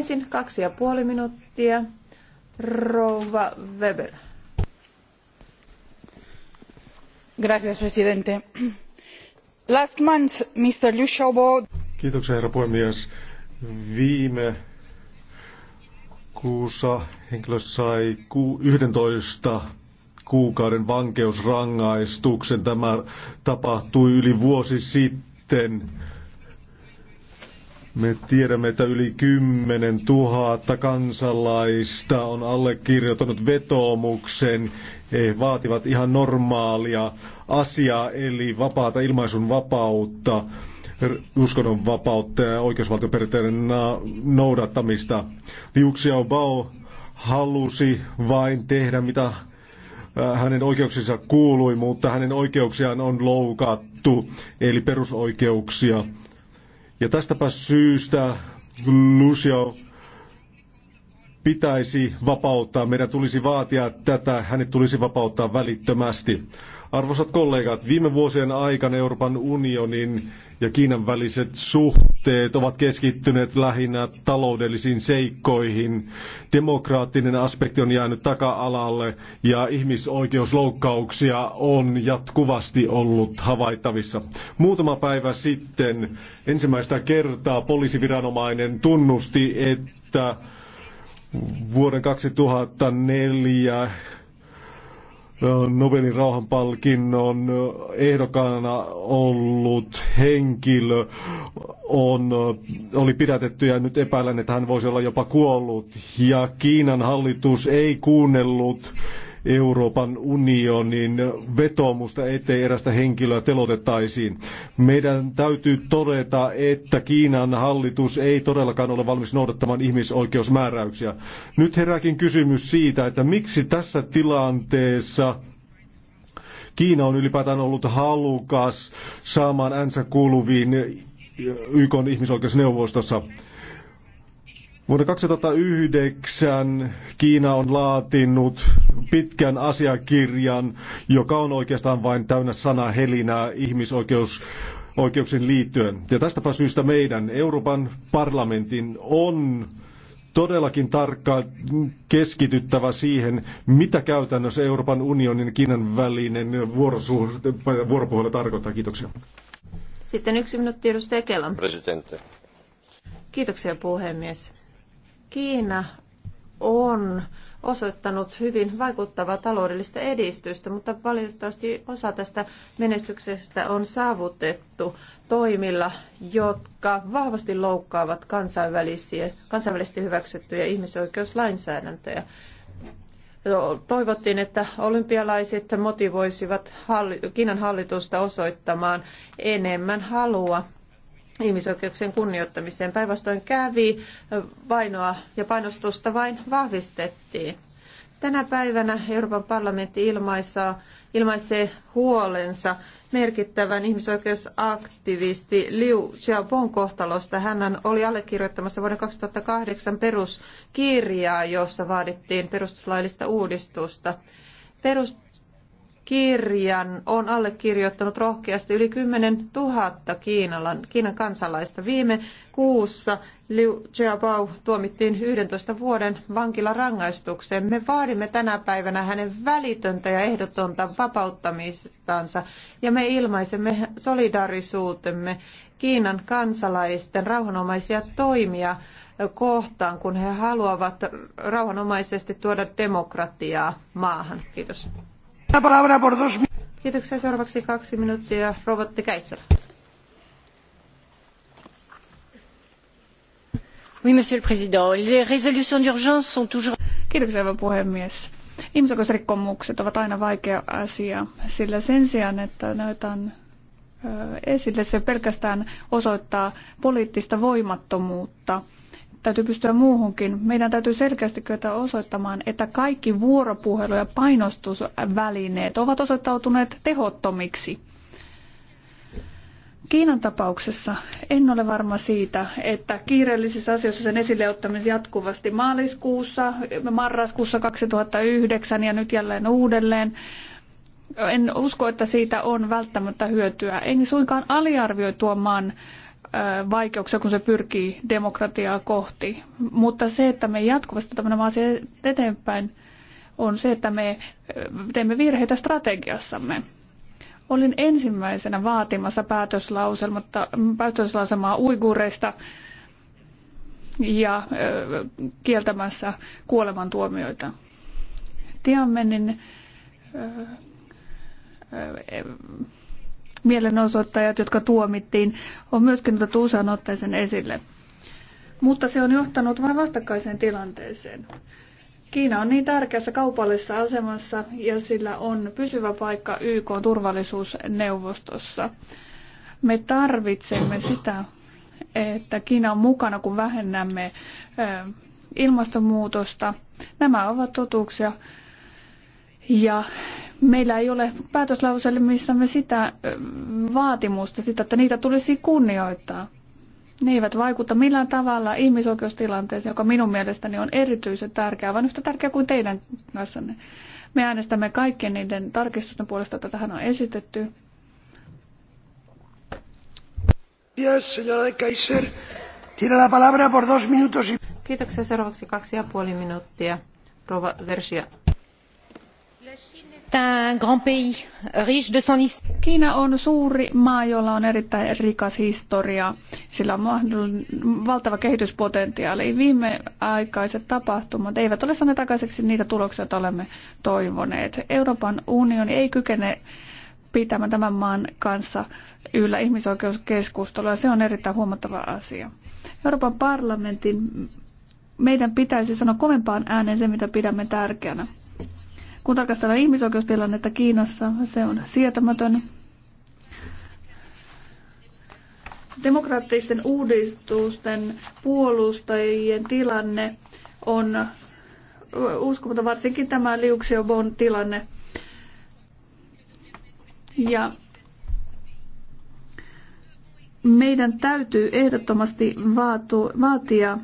Ensin kaksi ja puoli minuuttia. Rouva Weber. Gracias, presidente. Last month, Mr. Lushobo... Kiitoksia, herra puhemies. Viime kuussa henkilö sai 11 kuukauden vankeusrangaistuksen. Tämä tapahtui yli vuosi sitten. Me tiedämme, että yli 10 000 kansalaista on allekirjoittanut vetoomuksen. He vaativat ihan normaalia asiaa, eli vapaata ilmaisun vapautta, uskonnon vapautta ja oikeusvaltioperiaatteiden noudattamista. Liu Xiaobao halusi vain tehdä, mitä äh, hänen oikeuksensa kuului, mutta hänen oikeuksiaan on loukattu, eli perusoikeuksia ja tästäpä syystä Lucio pitäisi vapauttaa. Meidän tulisi vaatia tätä. Hänet tulisi vapauttaa välittömästi. Arvoisat kollegat, viime vuosien aikana Euroopan unionin ja Kiinan väliset suhteet ovat keskittyneet lähinnä taloudellisiin seikkoihin. Demokraattinen aspekti on jäänyt taka-alalle ja ihmisoikeusloukkauksia on jatkuvasti ollut havaittavissa. Muutama päivä sitten ensimmäistä kertaa poliisiviranomainen tunnusti, että vuoden 2004 Nobelin rauhanpalkinnon ehdokkaana ollut henkilö on, oli pidätetty ja nyt epäilen, että hän voisi olla jopa kuollut. Ja Kiinan hallitus ei kuunnellut Euroopan unionin vetoomusta, ettei erästä henkilöä telotettaisiin. Meidän täytyy todeta, että Kiinan hallitus ei todellakaan ole valmis noudattamaan ihmisoikeusmääräyksiä. Nyt herääkin kysymys siitä, että miksi tässä tilanteessa Kiina on ylipäätään ollut halukas saamaan änsä kuuluviin YK ihmisoikeusneuvostossa. Vuonna 2009 Kiina on laatinut pitkän asiakirjan, joka on oikeastaan vain täynnä sanahelinää ihmisoikeus oikeuksiin liittyen. Ja tästäpä syystä meidän Euroopan parlamentin on todellakin tarkkaan keskityttävä siihen, mitä käytännössä Euroopan unionin ja Kiinan välinen vuoropuhelu tarkoittaa. Kiitoksia. Sitten yksi minuutti edustaja Kelan. Presidente. Kiitoksia puhemies. Kiina on osoittanut hyvin vaikuttavaa taloudellista edistystä, mutta valitettavasti osa tästä menestyksestä on saavutettu toimilla, jotka vahvasti loukkaavat kansainvälisiä, kansainvälisesti hyväksyttyjä ihmisoikeuslainsäädäntöjä. Toivottiin, että olympialaiset motivoisivat Kiinan hallitusta osoittamaan enemmän halua ihmisoikeuksien kunnioittamiseen. Päinvastoin kävi vainoa ja painostusta vain vahvistettiin. Tänä päivänä Euroopan parlamentti ilmaisaa, ilmaisee huolensa merkittävän ihmisoikeusaktivisti Liu Xiaobon kohtalosta. Hän oli allekirjoittamassa vuoden 2008 peruskirjaa, jossa vaadittiin perustuslaillista uudistusta. Perust- kirjan on allekirjoittanut rohkeasti yli 10 000 Kiinalan, Kiinan kansalaista. Viime kuussa Liu Xiaobao tuomittiin 11 vuoden vankilarangaistukseen. Me vaadimme tänä päivänä hänen välitöntä ja ehdotonta vapauttamistansa ja me ilmaisemme solidaarisuutemme Kiinan kansalaisten rauhanomaisia toimia kohtaan, kun he haluavat rauhanomaisesti tuoda demokratiaa maahan. Kiitos. Kiitoksia. Seuraavaksi kaksi minuuttia. Robotti Käissälä. Oui, monsieur le président. Les résolutions d'urgence sont toujours... Kiitoksia, hyvä puhemies. Ihmisoikeusrikkomukset ovat aina vaikea asia, sillä sen sijaan, että näytän esille, se pelkästään osoittaa poliittista voimattomuutta täytyy pystyä muuhunkin. Meidän täytyy selkeästi kyetä osoittamaan, että kaikki vuoropuhelu- ja painostusvälineet ovat osoittautuneet tehottomiksi. Kiinan tapauksessa en ole varma siitä, että kiireellisissä asioissa sen esille ottaminen jatkuvasti maaliskuussa, marraskuussa 2009 ja nyt jälleen uudelleen. En usko, että siitä on välttämättä hyötyä. En suinkaan aliarvioi tuon maan vaikeuksia, kun se pyrkii demokratiaa kohti. Mutta se, että me jatkuvasti tämmöinen asia eteenpäin, on se, että me teemme virheitä strategiassamme. Olin ensimmäisenä vaatimassa päätöslauselmaa uigureista ja kieltämässä kuolemantuomioita. Tiammenin mielenosoittajat, jotka tuomittiin, on myöskin otettu usean otteeseen esille. Mutta se on johtanut vain vastakkaiseen tilanteeseen. Kiina on niin tärkeässä kaupallisessa asemassa ja sillä on pysyvä paikka YK turvallisuusneuvostossa. Me tarvitsemme sitä, että Kiina on mukana, kun vähennämme ilmastonmuutosta. Nämä ovat totuuksia, ja meillä ei ole päätöslauselmissamme sitä vaatimusta, sitä, että niitä tulisi kunnioittaa. Ne eivät vaikuta millään tavalla ihmisoikeustilanteeseen, joka minun mielestäni on erityisen tärkeä, vaan yhtä tärkeä kuin teidän kanssanne. Me äänestämme kaikkien niiden tarkistusten puolesta, joita tähän on esitetty. Kiitoksia. Seuraavaksi kaksi ja puoli minuuttia. Rova Versia. Kiina on suuri maa, jolla on erittäin rikas historia. Sillä on valtava kehityspotentiaali. Viimeaikaiset tapahtumat eivät ole saaneet aikaiseksi niitä tuloksia, joita olemme toivoneet. Euroopan unioni ei kykene pitämään tämän maan kanssa yllä ihmisoikeuskeskustelua. Se on erittäin huomattava asia. Euroopan parlamentin meidän pitäisi sanoa kovempaan ääneen se, mitä pidämme tärkeänä. Kun tarkastellaan ihmisoikeustilannetta Kiinassa, se on sietämätön. Demokraattisten uudistusten puolustajien tilanne on uskomaton, varsinkin tämä Xiaobon tilanne. Ja meidän täytyy ehdottomasti vaatu, vaatia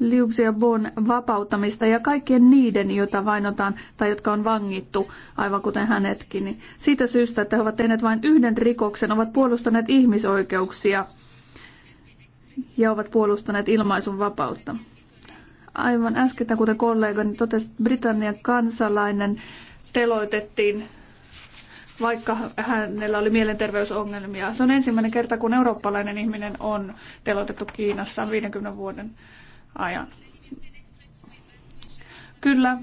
Liu Xiaobon vapauttamista ja kaikkien niiden, joita vainotaan tai jotka on vangittu, aivan kuten hänetkin. Niin siitä syystä, että he ovat tehneet vain yhden rikoksen, ovat puolustaneet ihmisoikeuksia ja ovat puolustaneet ilmaisun vapautta. Aivan äsken, kuten kollegani totesi, Britannian kansalainen teloitettiin vaikka hänellä oli mielenterveysongelmia. Se on ensimmäinen kerta, kun eurooppalainen ihminen on teloitettu Kiinassa 50 vuoden ajan. Kyllä,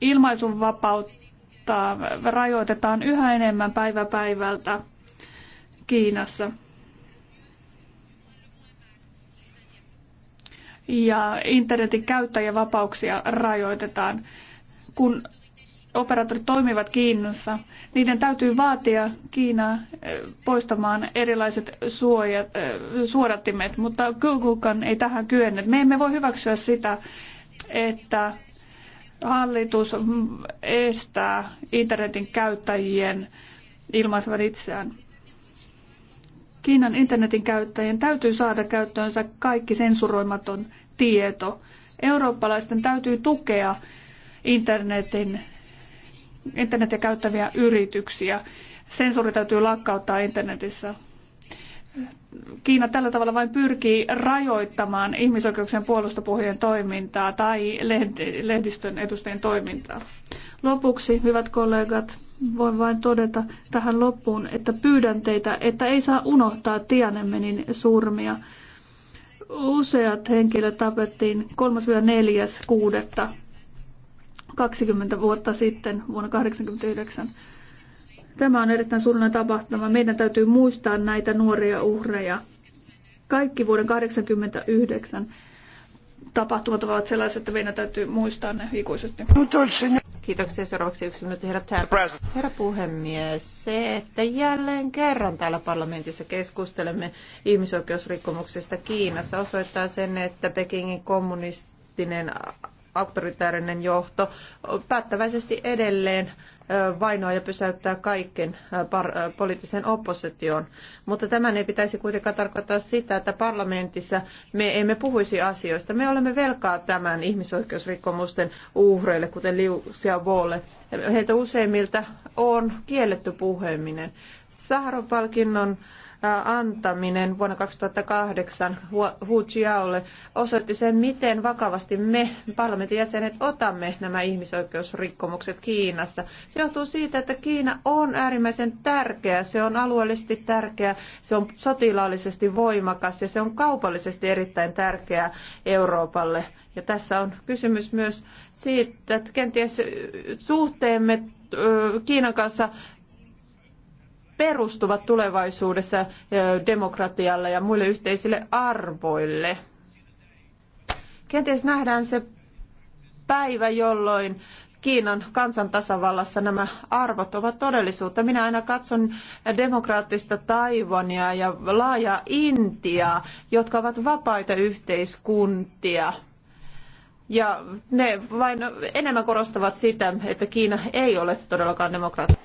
ilmaisunvapautta rajoitetaan yhä enemmän päivä päivältä Kiinassa. Ja internetin käyttäjävapauksia rajoitetaan. Kun operaattorit toimivat Kiinassa, niiden täytyy vaatia Kiinaa eh, poistamaan erilaiset suojat, eh, suodattimet, mutta Googlekaan ei tähän kyennyt. Me emme voi hyväksyä sitä, että hallitus estää internetin käyttäjien ilmaisevan itseään. Kiinan internetin käyttäjien täytyy saada käyttöönsä kaikki sensuroimaton tieto. Eurooppalaisten täytyy tukea internetin internetiä käyttäviä yrityksiä. Sensuuri täytyy lakkauttaa internetissä. Kiina tällä tavalla vain pyrkii rajoittamaan ihmisoikeuksien puolustopuhujien toimintaa tai lehdistön edustajien toimintaa. Lopuksi, hyvät kollegat, voin vain todeta tähän loppuun, että pyydän teitä, että ei saa unohtaa Tianemenin surmia. Useat henkilöt tapettiin 3.4.6. 20 vuotta sitten, vuonna 1989. Tämä on erittäin surullinen tapahtuma. Meidän täytyy muistaa näitä nuoria uhreja. Kaikki vuoden 1989 tapahtumat ovat sellaiset, että meidän täytyy muistaa ne ikuisesti. Kiitoksia. Seuraavaksi yksi minuutti herra Herra puhemies, se, että jälleen kerran täällä parlamentissa keskustelemme ihmisoikeusrikkomuksista Kiinassa osoittaa sen, että Pekingin kommunistinen autoritäärinen johto päättäväisesti edelleen vainoa ja pysäyttää kaiken par- poliittisen opposition. Mutta tämän ei pitäisi kuitenkaan tarkoittaa sitä, että parlamentissa me emme puhuisi asioista. Me olemme velkaa tämän ihmisoikeusrikkomusten uhreille, kuten Liu Xiaobolle. Heiltä useimmilta on kielletty puheminen. Saharon palkinnon antaminen vuonna 2008 Hu Jiaolle osoitti sen, miten vakavasti me parlamentin jäsenet otamme nämä ihmisoikeusrikkomukset Kiinassa. Se johtuu siitä, että Kiina on äärimmäisen tärkeä, se on alueellisesti tärkeä, se on sotilaallisesti voimakas ja se on kaupallisesti erittäin tärkeä Euroopalle. Ja tässä on kysymys myös siitä, että kenties suhteemme Kiinan kanssa perustuvat tulevaisuudessa demokratialle ja muille yhteisille arvoille. Kenties nähdään se päivä, jolloin Kiinan kansantasavallassa nämä arvot ovat todellisuutta. Minä aina katson demokraattista Taiwania ja laaja Intiaa, jotka ovat vapaita yhteiskuntia. Ja ne vain enemmän korostavat sitä, että Kiina ei ole todellakaan demokraattinen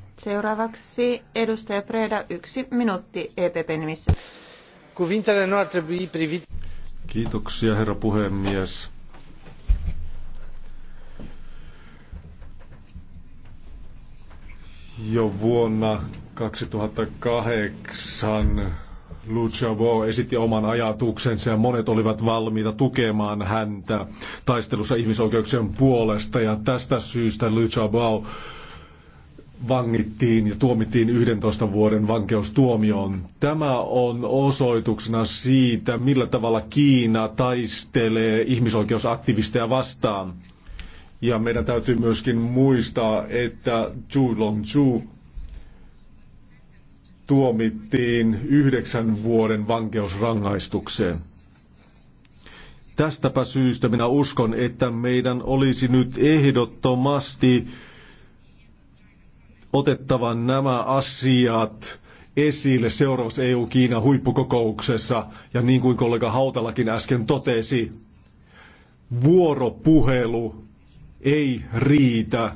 Seuraavaksi edustaja Preda, yksi minuutti EPP-nimissä. Cuvintele nu trebui privit... Kiitoksia, herra puhemies. Jo vuonna 2008 Luciavo esitti oman ajatuksensa ja monet olivat valmiita tukemaan häntä taistelussa ihmisoikeuksien puolesta ja tästä syystä Luciavo vangittiin ja tuomittiin 11 vuoden vankeustuomioon. Tämä on osoituksena siitä, millä tavalla Kiina taistelee ihmisoikeusaktivisteja vastaan. Ja meidän täytyy myöskin muistaa, että Zhu Longzhu tuomittiin yhdeksän vuoden vankeusrangaistukseen. Tästäpä syystä minä uskon, että meidän olisi nyt ehdottomasti otettava nämä asiat esille seuraavassa EU-Kiina huippukokouksessa. Ja niin kuin kollega Hautalakin äsken totesi, vuoropuhelu ei riitä.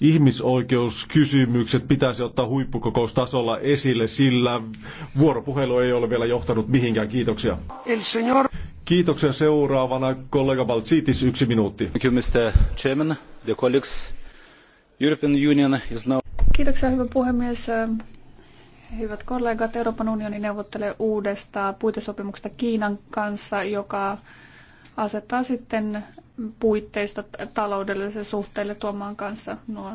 Ihmisoikeuskysymykset pitäisi ottaa huippukokoustasolla esille, sillä vuoropuhelu ei ole vielä johtanut mihinkään. Kiitoksia. El señor... Kiitoksia seuraavana kollega Baltsiitis, yksi minuutti. Thank you, Mr. Chairman, the colleagues. European Union is now... Kiitoksia, hyvä puhemies. Hyvät kollegat, Euroopan unioni neuvottelee uudesta puitesopimuksesta Kiinan kanssa, joka asettaa sitten puitteista taloudellisille suhteille tuomaan kanssa. Nuo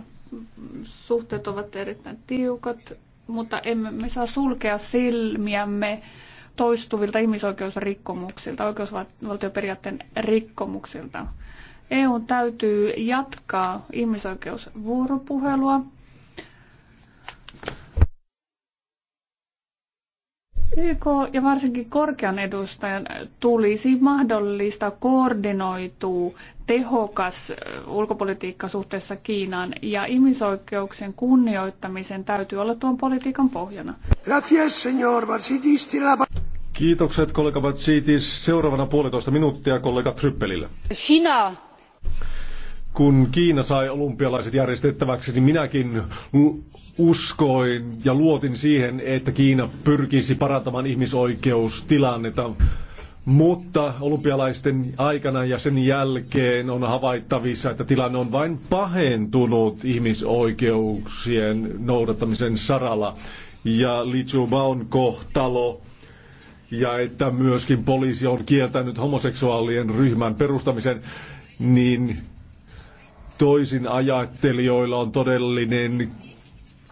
suhteet ovat erittäin tiukat, mutta emme me saa sulkea silmiämme toistuvilta ihmisoikeusrikkomuksilta, oikeusvaltioperiaatteen rikkomuksilta. EU täytyy jatkaa ihmisoikeusvuoropuhelua YK ja varsinkin korkean edustajan tulisi mahdollista koordinoituu tehokas ulkopolitiikka suhteessa Kiinaan ja ihmisoikeuksien kunnioittamisen täytyy olla tuon politiikan pohjana. Gracias, señor Kiitokset kollega Vatsitis. Seuraavana puolitoista minuuttia kollega Tryppelille. China kun Kiina sai olympialaiset järjestettäväksi, niin minäkin uskoin ja luotin siihen, että Kiina pyrkisi parantamaan ihmisoikeustilannetta. Mutta olympialaisten aikana ja sen jälkeen on havaittavissa, että tilanne on vain pahentunut ihmisoikeuksien noudattamisen saralla. Ja Li on kohtalo ja että myöskin poliisi on kieltänyt homoseksuaalien ryhmän perustamisen, niin toisin ajattelijoilla on todellinen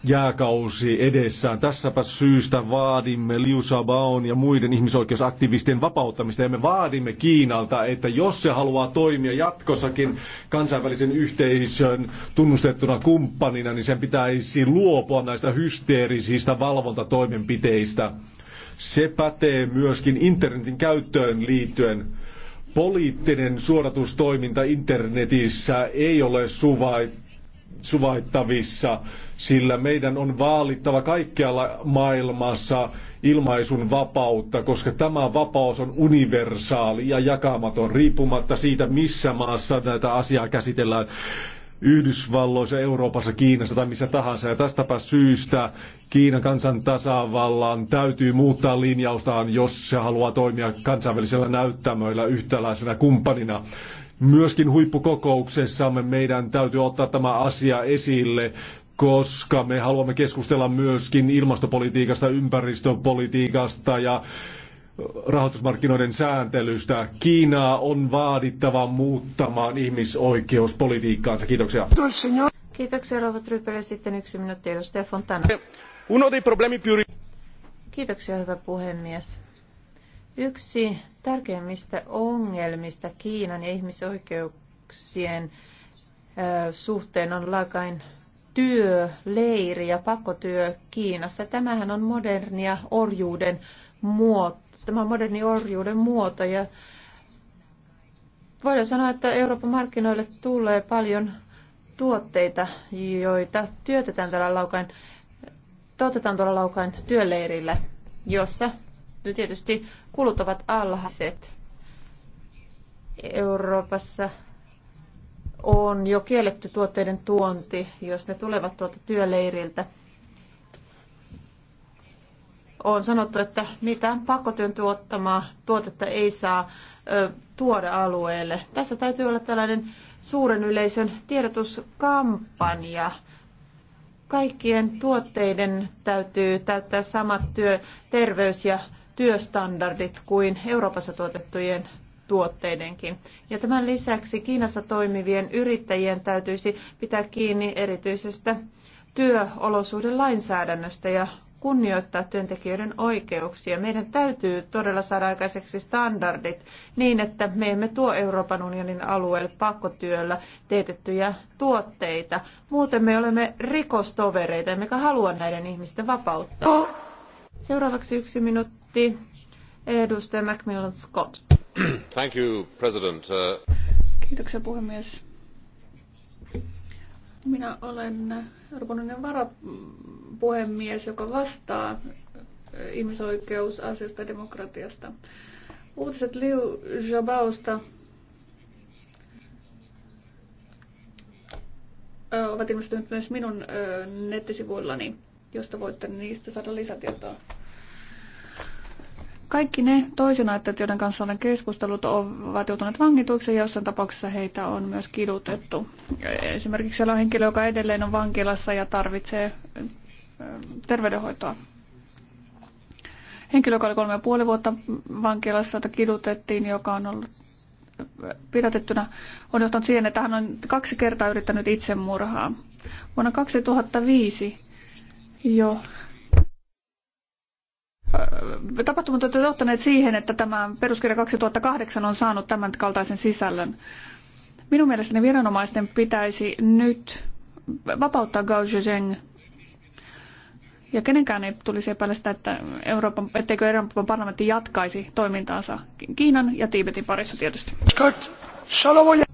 jääkausi edessään. Tässäpä syystä vaadimme Liu Xiaobaon ja muiden ihmisoikeusaktivistien vapauttamista ja me vaadimme Kiinalta, että jos se haluaa toimia jatkossakin kansainvälisen yhteisön tunnustettuna kumppanina, niin sen pitäisi luopua näistä hysteerisistä valvontatoimenpiteistä. Se pätee myöskin internetin käyttöön liittyen poliittinen suoratustoiminta internetissä ei ole suvaittavissa, sillä meidän on vaalittava kaikkialla maailmassa ilmaisun vapautta, koska tämä vapaus on universaali ja jakamaton, riippumatta siitä, missä maassa näitä asiaa käsitellään. Yhdysvalloissa, Euroopassa, Kiinassa tai missä tahansa. Ja tästäpä syystä Kiinan kansan tasavallan täytyy muuttaa linjaustaan, jos se haluaa toimia kansainvälisellä näyttämöillä yhtäläisenä kumppanina. Myöskin huippukokouksessamme meidän täytyy ottaa tämä asia esille, koska me haluamme keskustella myöskin ilmastopolitiikasta, ympäristöpolitiikasta ja rahoitusmarkkinoiden sääntelystä. Kiinaa on vaadittava muuttamaan ihmisoikeuspolitiikkaansa. Kiitoksia. Kiitoksia Rova Trypelle. Sitten yksi minuutti edustaja Fontana. Uno dei problemi più... Kiitoksia hyvä puhemies. Yksi tärkeimmistä ongelmista Kiinan ja ihmisoikeuksien suhteen on lakain työ, leiri ja pakotyö Kiinassa. Tämähän on modernia orjuuden muoto Tämä on moderni orjuuden muoto ja voidaan sanoa, että Euroopan markkinoille tulee paljon tuotteita, joita työtetään tällä laukain, tuotetaan tuolla laukain työleirillä, jossa tietysti kulut ovat alhaiset. Euroopassa on jo kielletty tuotteiden tuonti, jos ne tulevat tuolta työleiriltä on sanottu, että mitään pakkotyön tuottamaa tuotetta ei saa ö, tuoda alueelle. Tässä täytyy olla tällainen suuren yleisön tiedotuskampanja. Kaikkien tuotteiden täytyy täyttää samat työ, terveys- ja työstandardit kuin Euroopassa tuotettujen tuotteidenkin. Ja tämän lisäksi Kiinassa toimivien yrittäjien täytyisi pitää kiinni erityisestä työolosuuden lainsäädännöstä ja kunnioittaa työntekijöiden oikeuksia. Meidän täytyy todella saada aikaiseksi standardit niin, että me emme tuo Euroopan unionin alueelle pakkotyöllä teetettyjä tuotteita. Muuten me olemme rikostovereita, emmekä halua näiden ihmisten vapautta. Oh. Seuraavaksi yksi minuutti. Edustaja Macmillan Scott. Thank you, President. Uh... Kiitoksia puhemies. Minä olen Euroopan varapuhemies, joka vastaa ihmisoikeusasiasta ja demokratiasta. Uutiset Liu Jabaosta ovat ilmestyneet myös minun nettisivuillani, josta voitte niistä saada lisätietoa. Kaikki ne toisenäyttäjät, joiden kanssa olen keskustellut, ovat joutuneet vangituiksi ja jossain tapauksessa heitä on myös kidutettu. Esimerkiksi siellä on henkilö, joka edelleen on vankilassa ja tarvitsee terveydenhoitoa. Henkilö, joka oli kolme ja puoli vuotta vankilassa, jota kidutettiin, joka on ollut pidätettynä, on johtanut siihen, että hän on kaksi kertaa yrittänyt itsemurhaa. Vuonna 2005 jo tapahtumat ovat johtaneet siihen, että tämä peruskirja 2008 on saanut tämän kaltaisen sisällön. Minun mielestäni viranomaisten pitäisi nyt vapauttaa Gao Zhezheng. Ja kenenkään ei tulisi epäillä sitä, että Euroopan, etteikö Euroopan parlamentti jatkaisi toimintaansa Kiinan ja Tiibetin parissa tietysti.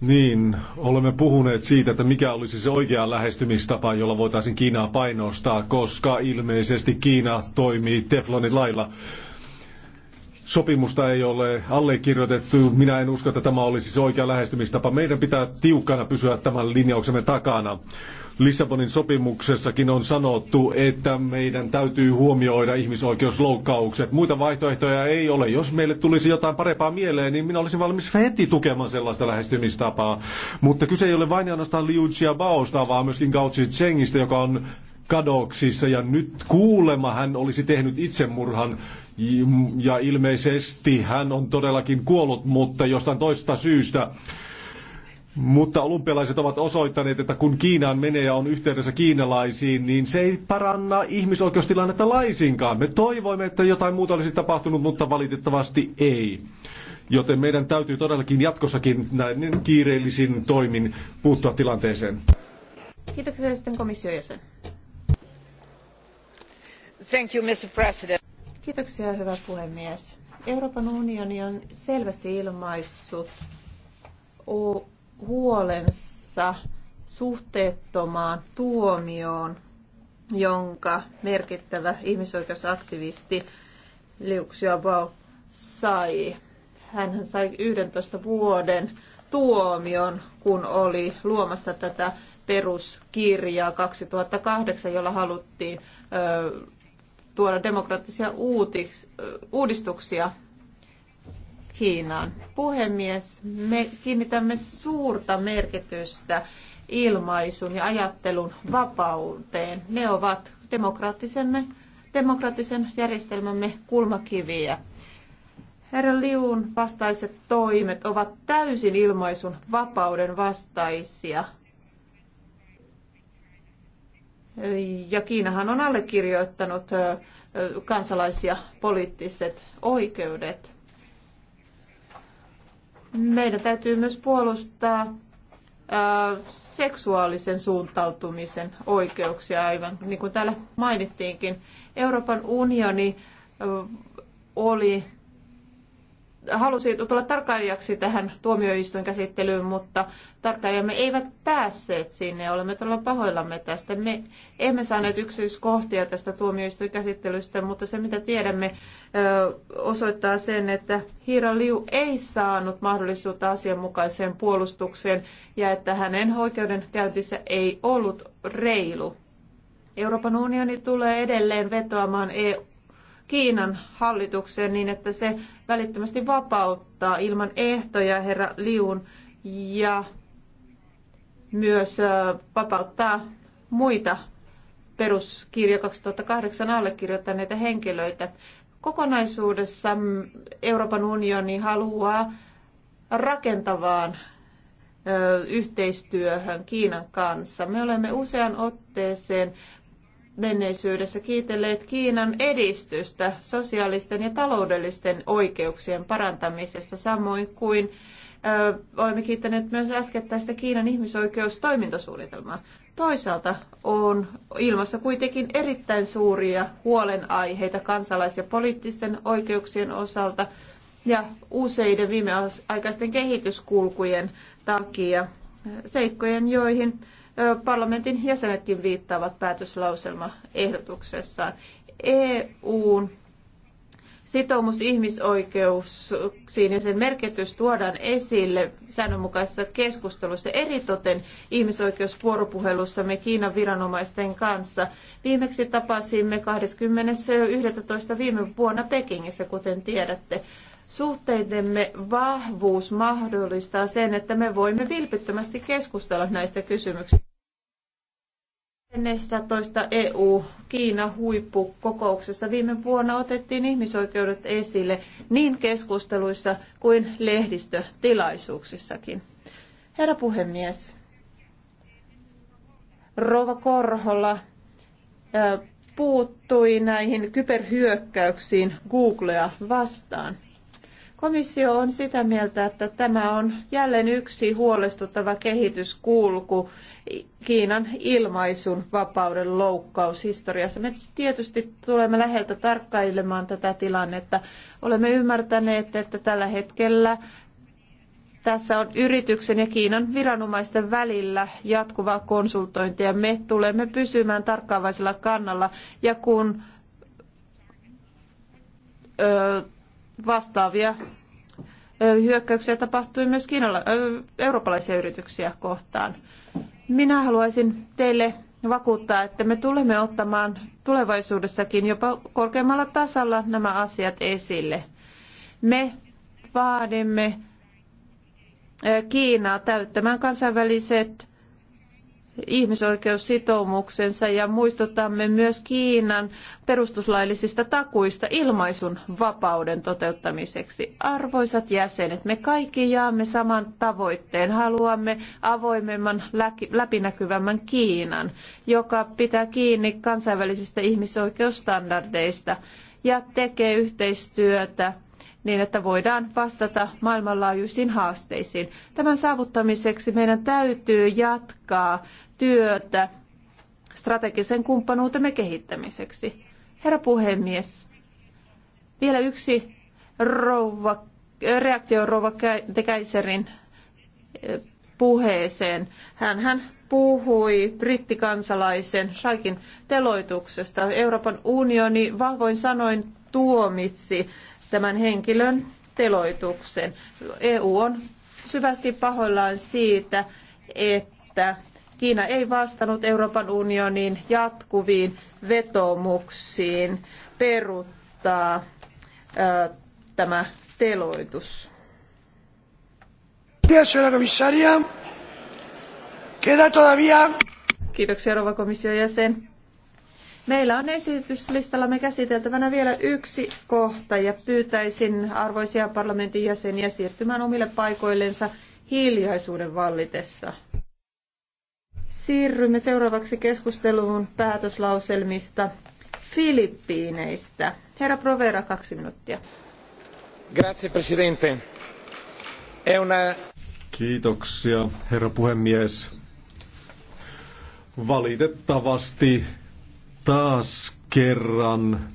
Niin, olemme puhuneet siitä, että mikä olisi se oikea lähestymistapa, jolla voitaisiin Kiinaa painostaa, koska ilmeisesti Kiina toimii teflonin lailla sopimusta ei ole allekirjoitettu. Minä en usko, että tämä olisi siis oikea lähestymistapa. Meidän pitää tiukkana pysyä tämän linjauksemme takana. Lissabonin sopimuksessakin on sanottu, että meidän täytyy huomioida ihmisoikeusloukkaukset. Muita vaihtoehtoja ei ole. Jos meille tulisi jotain parempaa mieleen, niin minä olisin valmis heti tukemaan sellaista lähestymistapaa. Mutta kyse ei ole vain ainoastaan Liu Xiaobaosta, vaan myöskin Gao Zhengistä, joka on kadoksissa ja nyt kuulema hän olisi tehnyt itsemurhan ja ilmeisesti hän on todellakin kuollut, mutta jostain toista syystä. Mutta olympialaiset ovat osoittaneet, että kun Kiinaan menee ja on yhteydessä kiinalaisiin, niin se ei paranna ihmisoikeustilannetta laisinkaan. Me toivoimme, että jotain muuta olisi tapahtunut, mutta valitettavasti ei. Joten meidän täytyy todellakin jatkossakin näiden kiireellisin toimin puuttua tilanteeseen. Kiitoksia sitten komission jäsen. Thank you, Mr. President. Kiitoksia, hyvä puhemies. Euroopan unioni on selvästi ilmaissut huolensa suhteettomaan tuomioon, jonka merkittävä ihmisoikeusaktivisti Liu Xiaobo sai. Hän sai 11 vuoden tuomion, kun oli luomassa tätä peruskirjaa 2008, jolla haluttiin ö, tuoda demokraattisia uutis, uudistuksia Kiinaan. Puhemies, me kiinnitämme suurta merkitystä ilmaisun ja ajattelun vapauteen. Ne ovat demokraattisemme, demokraattisen järjestelmämme kulmakiviä. Herra Liun vastaiset toimet ovat täysin ilmaisun vapauden vastaisia. Ja Kiinahan on allekirjoittanut kansalaisia poliittiset oikeudet. Meidän täytyy myös puolustaa seksuaalisen suuntautumisen oikeuksia, aivan niin kuin täällä mainittiinkin. Euroopan unioni oli halusi tulla tarkkailijaksi tähän tuomioistuin käsittelyyn, mutta tarkkailijamme eivät päässeet sinne. Olemme todella pahoillamme tästä. Me emme saaneet yksityiskohtia tästä tuomioistuin käsittelystä, mutta se mitä tiedämme osoittaa sen, että Hiira Liu ei saanut mahdollisuutta asianmukaiseen puolustukseen ja että hänen oikeudenkäyntissä ei ollut reilu. Euroopan unioni tulee edelleen vetoamaan EU Kiinan hallitukseen niin, että se välittömästi vapauttaa ilman ehtoja herra Liun ja myös vapauttaa muita peruskirja 2008 allekirjoittaneita henkilöitä. Kokonaisuudessa Euroopan unioni haluaa rakentavaan yhteistyöhön Kiinan kanssa. Me olemme usean otteeseen menneisyydessä kiitelleet Kiinan edistystä sosiaalisten ja taloudellisten oikeuksien parantamisessa, samoin kuin äh, olemme kiittäneet myös äskettäistä Kiinan ihmisoikeustoimintasuunnitelmaa. Toisaalta on ilmassa kuitenkin erittäin suuria huolenaiheita kansalais- ja poliittisten oikeuksien osalta ja useiden viimeaikaisten kehityskulkujen takia seikkojen, joihin parlamentin jäsenetkin viittaavat päätöslauselmaehdotuksessaan. EUn sitoumus ihmisoikeuksiin ja sen merkitys tuodaan esille säännönmukaisessa keskustelussa eritoten me Kiinan viranomaisten kanssa. Viimeksi tapasimme 20.11. viime vuonna Pekingissä, kuten tiedätte. Suhteidemme vahvuus mahdollistaa sen, että me voimme vilpittömästi keskustella näistä kysymyksistä. 14. EU-Kiina-huippukokouksessa viime vuonna otettiin ihmisoikeudet esille niin keskusteluissa kuin lehdistötilaisuuksissakin. Herra puhemies, Rova Korhola puuttui näihin kyberhyökkäyksiin Googlea vastaan. Komissio on sitä mieltä, että tämä on jälleen yksi huolestuttava kehityskulku Kiinan ilmaisun vapauden loukkaus historiassa. Me tietysti tulemme läheltä tarkkailemaan tätä tilannetta. Olemme ymmärtäneet, että tällä hetkellä tässä on yrityksen ja Kiinan viranomaisten välillä jatkuvaa konsultointia. Me tulemme pysymään tarkkaavaisella kannalla ja kun vastaavia hyökkäyksiä tapahtui myös Kiinalla, eurooppalaisia yrityksiä kohtaan. Minä haluaisin teille vakuuttaa, että me tulemme ottamaan tulevaisuudessakin jopa korkeammalla tasalla nämä asiat esille. Me vaadimme Kiinaa täyttämään kansainväliset ihmisoikeussitoumuksensa ja muistutamme myös Kiinan perustuslaillisista takuista ilmaisun vapauden toteuttamiseksi. Arvoisat jäsenet, me kaikki jaamme saman tavoitteen. Haluamme avoimemman, läpinäkyvämmän Kiinan, joka pitää kiinni kansainvälisistä ihmisoikeusstandardeista ja tekee yhteistyötä niin, että voidaan vastata maailmanlaajuisiin haasteisiin. Tämän saavuttamiseksi meidän täytyy jatkaa työtä strategisen kumppanuutemme kehittämiseksi. Herra puhemies, vielä yksi rouva, reaktio rouva de eh, puheeseen. Hän, hän puhui brittikansalaisen Shaikin teloituksesta. Euroopan unioni vahvoin sanoin tuomitsi tämän henkilön teloituksen. EU on syvästi pahoillaan siitä, että Kiina ei vastannut Euroopan unionin jatkuviin vetomuksiin peruuttaa ää, tämä teloitus. Kiitoksia, rouva komission jäsen. Meillä on esityslistallamme käsiteltävänä vielä yksi kohta ja pyytäisin arvoisia parlamentin jäseniä siirtymään omille paikoillensa hiljaisuuden vallitessa. Siirrymme seuraavaksi keskusteluun päätöslauselmista Filippiineistä. Herra Provera, kaksi minuuttia. Grazie, presidente. Una... Kiitoksia, herra puhemies. Valitettavasti taas kerran